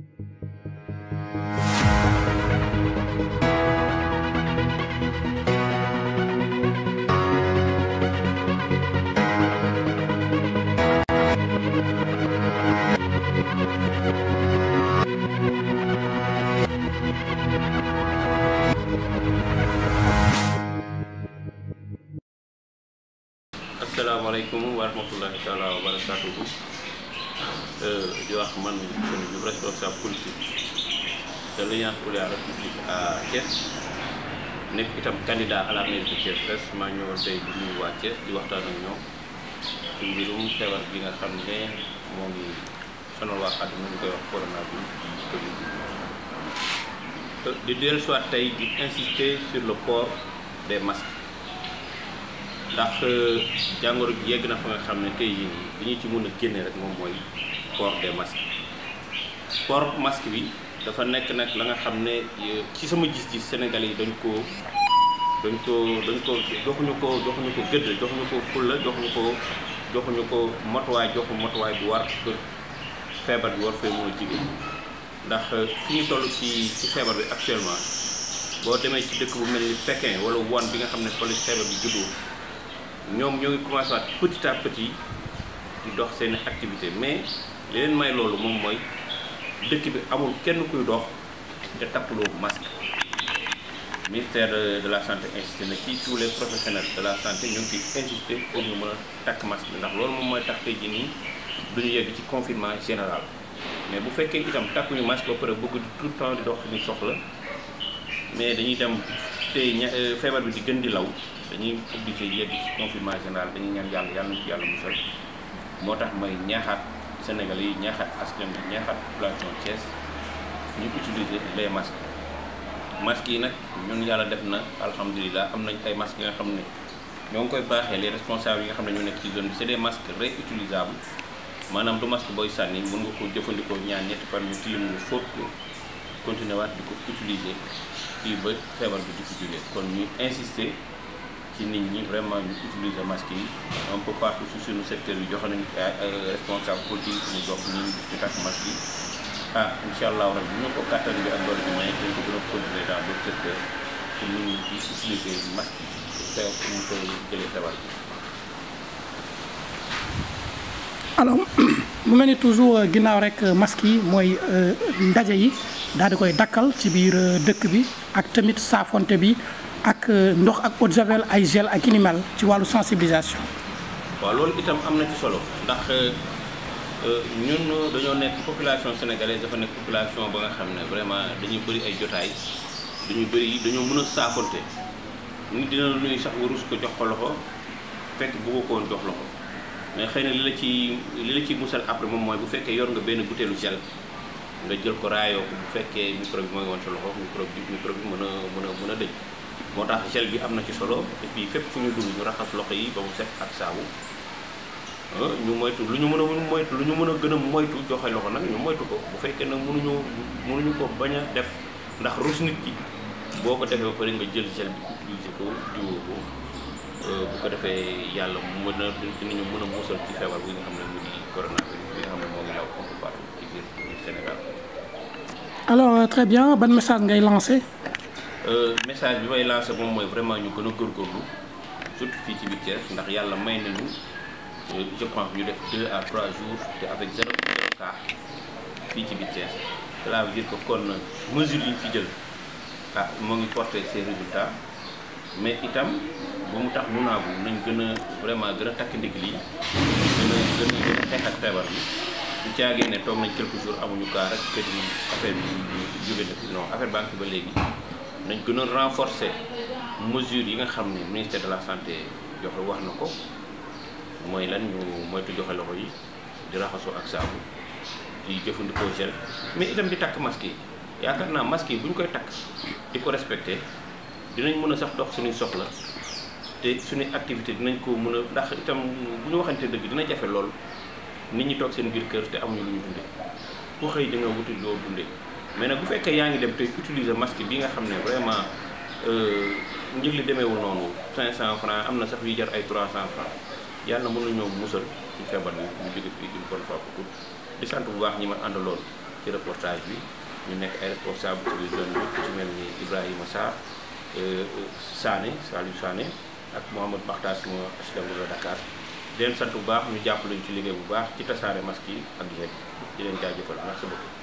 asalaamaaleykum wa rahmatullahi taala wa barakaatuhu Euh, di wax man seen jub responsable politique de l'Alliance pour la République à Thiès nekk itam candidat à la mairie de Thiès Ouest maa ñëwoon tey di nuyu waa Thiès di waxtaan ak ñoom ci mbirum feebar bi nga xam ne moo ngi sonal waa àdduna ñu koy wax coronavirus Covid euh, di dellusiwaat tey di insister sur le port des masques ndax euh, jàngoro bi na fa nga xam ne tey jii nii li ñu ci mun a génne rek moom mooy port de masques port masque bi dafa nekk nag la nga xam ne euh, ci sama gis-gis Sénégal yi dañ ko dañ ko dañ ko joxuñu ko joxuñu ko gëdd joxuñu ko fulla joxuñu ko joxuñu ko matuwaay joxu matuwaay bu war feebar bi war fee mën a jige ndax euh, fi ñu toll ci ci feebar bi actuellement boo demee ci dëkk bu mel ni Pékin wala Wuhan bi nga xam ne fa la feebar bi juddoo ñoom ñoo ngi commencé waat petit à petit dox seen activité mais li leen may loolu moom mooy dëkk bi amul kenn kuy dox te takkuloo masque ministère de la santé insisté na ci tous les professionnels de la santé ñu ngi ciy insisté pour ñu mën a takk masque ndax loolu moom mooy tax ji jii nii du yegg ci confinement général mais bu fekkee itam takkuñu masque ba pare bëgg tout le temps di dox suñu soxla mais dañuy dem. te ña euh, feebar bi di gën di law dañuy obligé yegg ci confinement général dañuy ñaan yàlla yàlla ci yàlla musal moo tax may ñaaxaat sénégal yi ñaaxaat askan bi ñaaxaat population Thiès ñu utiliser les masques masques yi nag ñun yàlla def na alhamdulilah am nañ ay masques yi nga xam ne ñoo ngi koy baaxee les responsables yi nga xam ne ñoo nekk ci zone bi c'est des masques réutilisables maanaam du masque booy sànni mun nga ko jëfandikoo ñaan ñetti fan ñu tilim ñu continuer waat di ko utiliser fii ba feebar bi di fi jógee kon ñuy insister ci nit ñi vraiment ñu utiliser masque yi un peu partout ci suñu secteur bi joxe nañu ay responsable politique ñu jox ñu ñu takk masque yi ah incha allahu ñu ko kattan bi ak doole bi may dañ ko gën a continuer di utiliser masque yi mu koy jëlee feebar bi. alors mu mel ni toujours euh, ginnaaw rek euh, masque yi mooy euh, ndaje yi. daal di koy dakkal ci biir euh, dëkk bi ak tamit saafonte bi ak euh, ndox ak eau ay gel ak inimal ci wàllu sensibilisation. waa loolu itam am na ci solo ndax euh, ñun dañoo nekk population sénégalaise dafa nekk population ba nga xam ne vraiment dañu bëri ay jotaay dañuy bëri dañoo mën a saafonte nit dina nuyu sax nga rus ko jox ko loxo fekk bëggu ko woon jox loxo mais xëy na li la ci li la ci musal après moom mooy bu fekkee yor nga benn butéelu gel. nga jël ko raayoo ko bu fekkee microbe bi moo ngi woon sa loxo microbe bi microbe bi a mën a mën a dëj moo tax gel bi am na ci solo et puis fépp fu ñu dugg ñu raxas loxo yi ba mu set ak saabu ñu moytu lu ñu mën a moytu lu ñu mën a gën a moytu joxe loxo nag ñu moytu ko bu fekkee nag mënuñu mënuñu ko bañ a def ndax rus nit ki boo ko defee ba pare nga jël gel bi utiliser ko diwoo ko euh, bu ko defee yàlla mën a dinañu mën a musal ci feebar bi nga xam ne mu di coronavirus bi nga xam ne moo ngi law alors euh, très bien ban message ngay lancé. Euh, message bi may lancé moom mooy vraiment ñu gën a góorgóorlu surtout fii ci biir Thiès ndax yàlla may nañu euh, je pense ñu def 2 à trois jours te avec zéro cas fii ci biir Thiès cela veut dire que kon mesure fi jël ah moo ngi porté ses résultats mais itam ba mu tax mu nañ gën a vraiment gën a takk ndigli gën a gën a ak feebar bi. du caagee ne toog nañ quelques jours amuñu cas rek que ni affaire bi jóge na fi non banque ba léegi nañ gënoon renforcé renforcer yi nga xam ni ministère de la santé joxe wax na ko mooy lan ñu moytu joxe loxo yi di raxasoo ak saabu di jëfandikoo gel mais itam di takk maski yi yaakaar naa maski bu ñu koy takk di ko respecté dinañ mën a sax dox suñuy soxla te suñuy activité dinañ ko mën a ndax itam bu ñu waxante dëgg dina jafe lool. nit ñi toog seen biir kër te amuñu lu ñu dundee ku xëy da nga wuti loo dundee mais na bu fekkee yaa ngi dem te utiliser masque bi nga xam ne vraiment euh, njëg li demeewul noonu 500 francs am na sax yu jar ay trois 300 francs yàlla mën na ñëw musal ci feebar bi ñu jóge fii une bonne fois pour toutes di sant bu baax ñi ma àndaloon ci reportage bi ñu nekk ay responsable ci biir zone bi ku ci mel ni Ibrahima Sarr euh, Sané Saliou Sané ak Mouhamadou Bakhtar suma HLM Dakar di leen sant bu baax ñu jàpp luñ ci liggéey bu baax ci tasaare masque yi ak di leen jaajëfal merci beaucoup